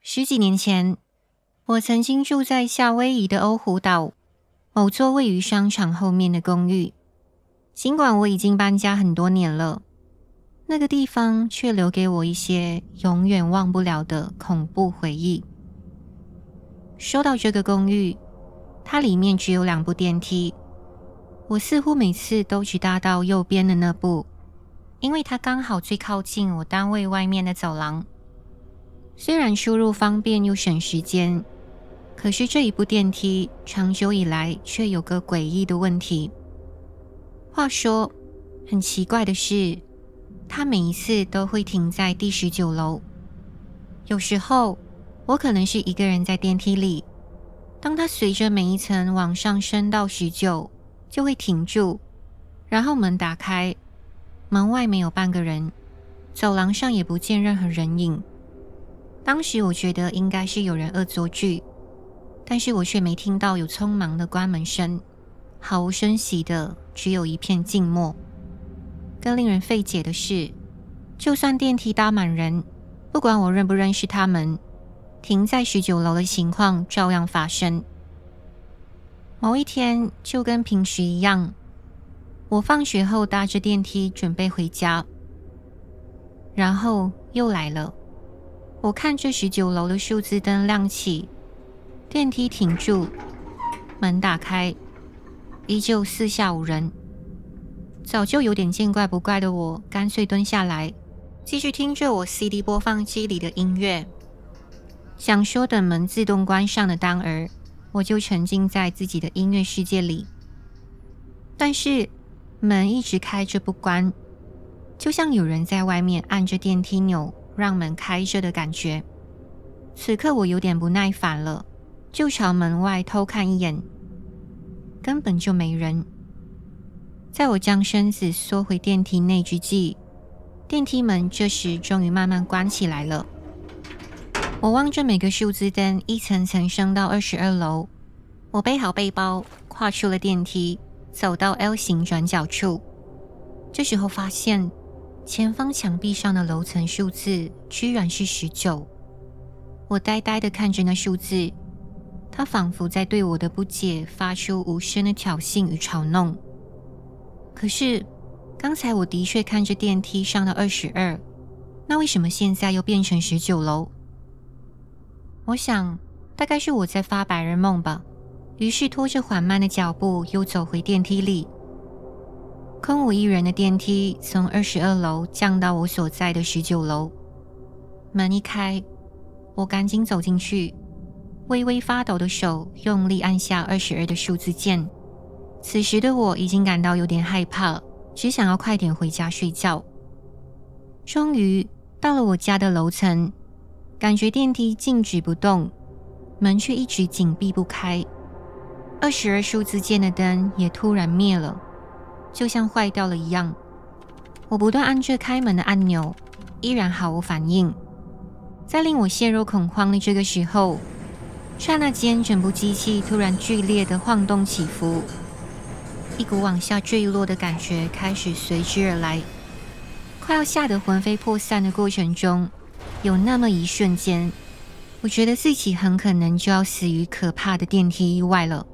十幾年前，我曾經住在夏威夷的歐胡島某座位於商場後面的公寓。儘管我已經搬家很多年了，那個地方卻留給我一些永遠忘不了的恐怖回憶。說到這個公寓，它裡面只有兩部電梯，我似乎每次都只搭到右邊的那部。因為它剛好最靠近我單位外面的走廊，雖然出入方便又省時間，可是這一部電梯長久以來卻有個詭異的問題。話說，很奇怪的是，它每一次都會停在第十九樓。有時候，我可能是一個人在電梯裡，當它隨着每一層往上升到十九，就會停住，然後門打開。門外沒有半個人，走廊上也不見任何人影。當時我覺得應該是有人惡作劇，但是我卻沒聽到有匆忙的關門聲，毫無聲息的，只有一片靜默。更令人費解的是，就算電梯搭滿人，不管我認不認識他們，停在十九樓的情況照樣發生。某一天，就跟平時一樣。我放學後搭着電梯準備回家，然後又來了。我看着十九樓的數字燈亮起，電梯停住，門打開，依舊四下無人。早就有點見怪不怪的我，乾脆蹲下來，繼續聽着我 CD 播放機裡的音樂。想說等門自動關上的當兒，我就沉浸在自己的音樂世界裡。但是，門一直開着不關，就像有人在外面按着電梯鈕讓門開着的感覺。此刻我有點不耐煩了，就朝門外偷看一眼，根本就沒人。在我將身子縮回電梯內之際，電梯門這時終於慢慢關起來了。我望着每個數字燈一層層升到二十二樓，我背好背包，跨出了電梯。走到 L 型轉角處，這時候發現前方牆壁上的樓層數字居然是十九。我呆呆的看着那數字，它仿佛在對我的不解發出無聲的挑釁與嘲弄。可是剛才我的確看着電梯上的二十二，那為什麼現在又變成十九樓？我想，大概是我在發白日夢吧。於是拖着緩慢的腳步又走回電梯裡，空無一人的電梯從二十二樓降到我所在的十九樓。門一開，我趕緊走進去，微微發抖的手用力按下二十二的數字鍵。此時的我已經感到有點害怕，只想要快點回家睡覺。終於到了我家的樓層，感覺電梯靜止不動，門卻一直緊閉不開。二十二數字鍵的燈也突然滅了，就像壞掉了一樣。我不斷按着開門的按鈕，依然毫無反應。在令我陷入恐慌的這個時候，剎那間，整部機器突然劇烈的晃動起伏，一股往下墜落的感覺開始隨之而來。快要嚇得魂飛魄散的過程中，有那麼一瞬間，我覺得自己很可能就要死於可怕的電梯意外了。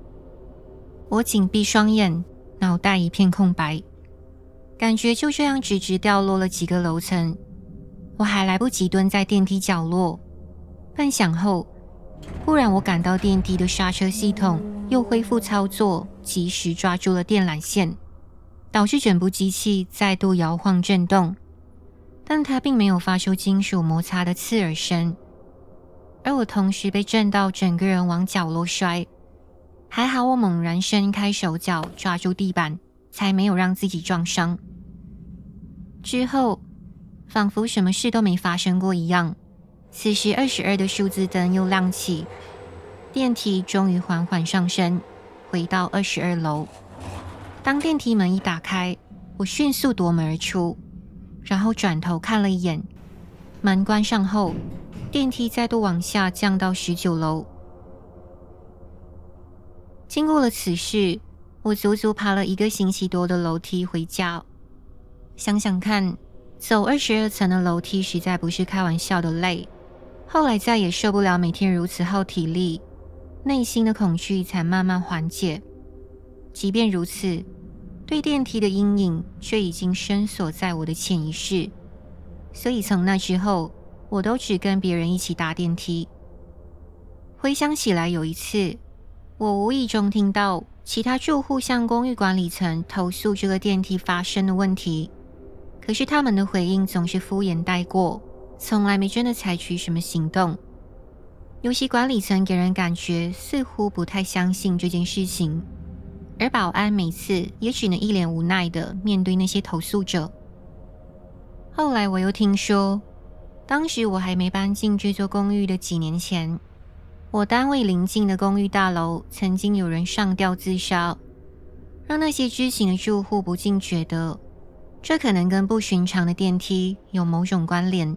我緊閉雙眼，腦袋一片空白，感覺就這樣直直掉落了幾個樓層。我還來不及蹲在電梯角落，半晌後，忽然我感到電梯的剎車系統又恢復操作，及時抓住了電纜線，導致整部機器再度搖晃震動，但它並沒有發出金屬摩擦的刺耳聲，而我同時被震到，整個人往角落摔。還好我猛然伸開手腳抓住地板，才沒有讓自己撞傷。之後，仿佛什麼事都沒發生過一樣。此時，二十二的數字燈又亮起，電梯終於緩緩上升，回到二十二樓。當電梯門一打開，我迅速奪門而出，然後轉頭看了一眼。門關上後，電梯再度往下降到十九樓。經過了此事，我足足爬了一個星期多的樓梯回家。想想看，走二十二層的樓梯實在不是開玩笑的累。後來再也受不了每天如此耗體力，內心的恐懼才慢慢緩解。即便如此，對電梯的陰影卻已經深鎖在我的潛意識。所以從那之後，我都只跟別人一起搭電梯。回想起來，有一次，我無意中聽到其他住戶向公寓管理層投訴這個電梯發生的問題，可是他們的回應總是敷衍帶過，從來沒真的採取什麼行動。尤其管理層給人感覺似乎不太相信這件事情，而保安每次也只能一臉無奈地面對那些投訴者。後來我又聽說，當時我還沒搬進這座公寓的幾年前。我單位臨近的公寓大樓，曾經有人上吊自殺，讓那些知情的住戶不禁覺得，這可能跟不尋常的電梯有某種關聯。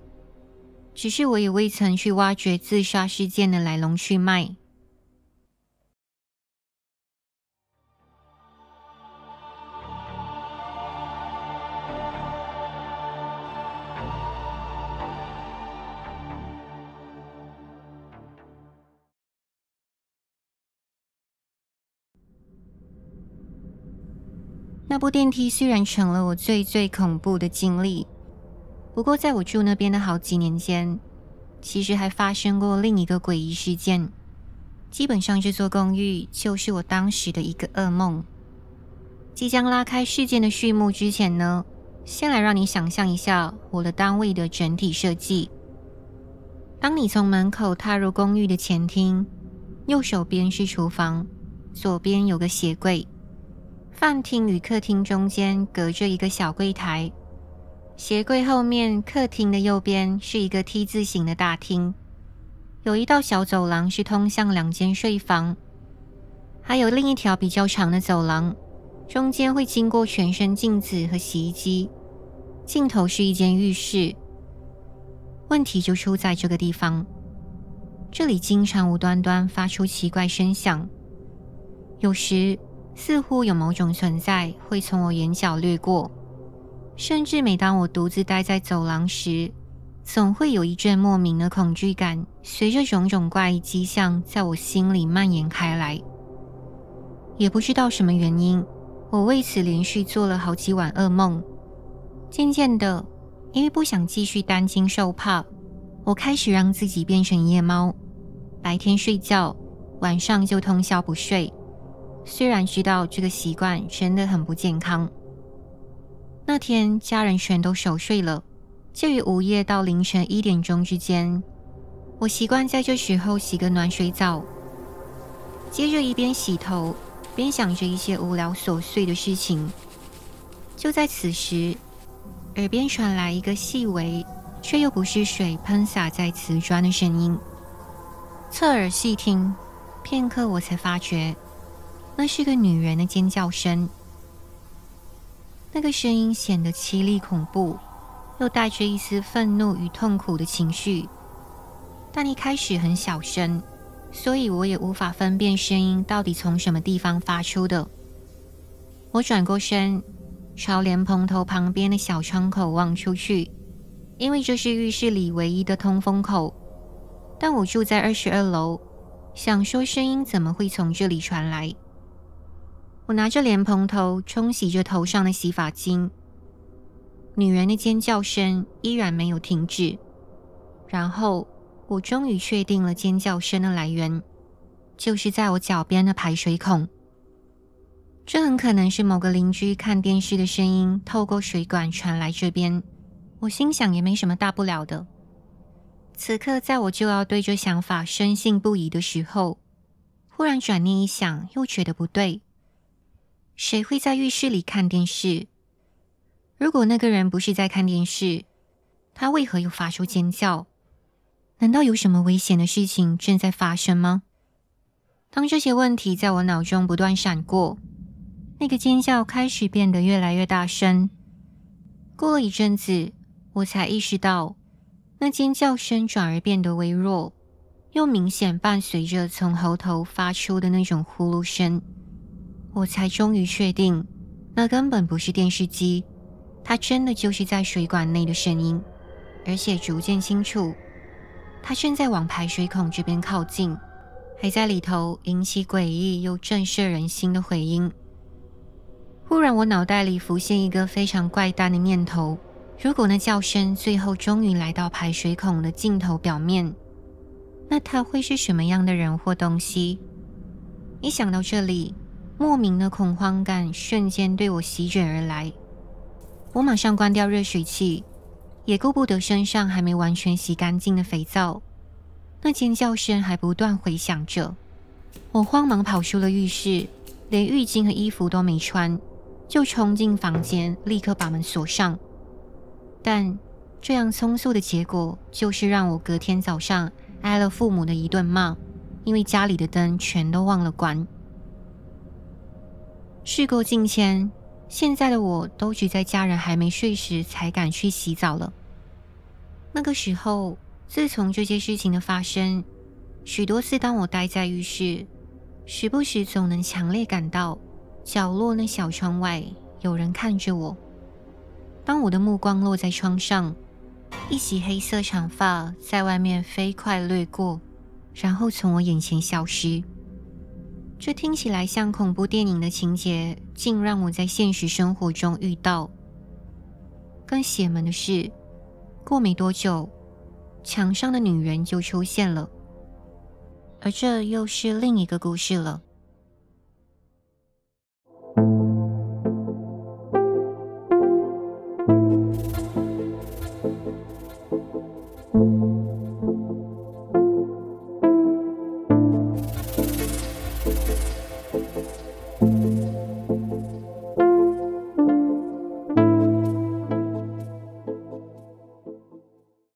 只是我也未曾去挖掘自殺事件的來龍去脈。那部電梯雖然成了我最最恐怖的經歷，不過在我住那邊的好幾年間，其實還發生過另一個詭異事件。基本上，這座公寓就是我當時的一個噩夢。即將拉開事件的序幕之前呢，先來讓你想象一下我的單位的整體設計。當你從門口踏入公寓的前廳，右手邊是廚房，左邊有個鞋櫃。飯廳與客廳中間隔着一個小櫃檯，鞋櫃後面，客廳的右邊是一個 T 字形的大廳，有一道小走廊是通向兩間睡房，還有另一條比較長的走廊，中間會經過全身鏡子和洗衣機，盡頭是一間浴室。問題就出在這個地方，這裡經常無端端發出奇怪聲響，有時，似乎有某種存在會從我眼角掠過，甚至每當我獨自待在走廊時，總會有一陣莫名的恐懼感隨着種種怪異跡象在我心裡蔓延開來。也不知道什麼原因，我為此連續做了好幾晚噩夢。漸漸的，因為不想繼續擔驚受怕，我開始讓自己變成夜貓，白天睡覺，晚上就通宵不睡。雖然知道這個習慣真的很不健康，那天家人全都熟睡了，介於午夜到凌晨一點鐘之間，我習慣在這時候洗個暖水澡，接着一邊洗頭，邊想着一些無聊瑣碎的事情。就在此時，耳邊傳來一個細微卻又不是水噴灑在瓷磚的聲音，側耳細聽，片刻我才發覺。那是個女人的尖叫聲，那個聲音顯得淒厲恐怖，又帶着一絲憤怒與痛苦的情緒。但一開始很小聲，所以我也無法分辨聲音到底從什麼地方發出的。我轉過身，朝蓮蓬頭旁邊的小窗口望出去，因為這是浴室裡唯一的通風口。但我住在二十二樓，想說聲音怎麼會從這裡傳來？我拿着蓮蓬頭沖洗着頭上的洗髮精，女人的尖叫聲依然沒有停止。然後我終於確定了尖叫聲的來源，就是在我腳邊的排水孔。這很可能是某個鄰居看電視的聲音透過水管傳來這邊。我心想也沒什麼大不了的。此刻在我就要對這想法深信不疑的時候，忽然轉念一想，又覺得不對。誰會在浴室裡看電視？如果那個人不是在看電視，他為何又發出尖叫？難道有什麼危險的事情正在發生嗎？當這些問題在我腦中不斷閃過，那個尖叫開始變得越來越大聲。過了一陣子，我才意識到，那尖叫聲轉而變得微弱，又明顯伴隨着從喉頭發出的那種呼嚕聲。我才終於確定，那根本不是電視機，它真的就是在水管內的聲音，而且逐漸清楚，它正在往排水孔這邊靠近，還在裡頭引起詭異又震懾人心的回音。忽然，我腦袋裡浮現一個非常怪誕的念頭：如果那叫聲最後終於來到排水孔的盡頭表面，那它會是什麼樣的人或東西？一想到這裡。莫名的恐慌感瞬間對我席捲而來，我馬上關掉熱水器，也顧不得身上還沒完全洗乾淨的肥皂。那尖叫聲還不斷回響着，我慌忙跑出了浴室，連浴巾和衣服都沒穿，就衝進房間，立刻把門鎖上。但這樣匆促的結果，就是讓我隔天早上挨了父母的一頓罵，因為家裡的燈全都忘了關。事過境遷，現在的我都只在家人還沒睡時才敢去洗澡了。那個時候，自從這些事情的發生，許多次當我待在浴室，時不時總能強烈感到角落那小窗外有人看着我。當我的目光落在窗上，一襲黑色長髮在外面飛快掠過，然後從我眼前消失。這聽起來像恐怖電影的情節，竟讓我在現實生活中遇到。更邪門的是，過沒多久，牆上的女人就出現了，而這又是另一個故事了。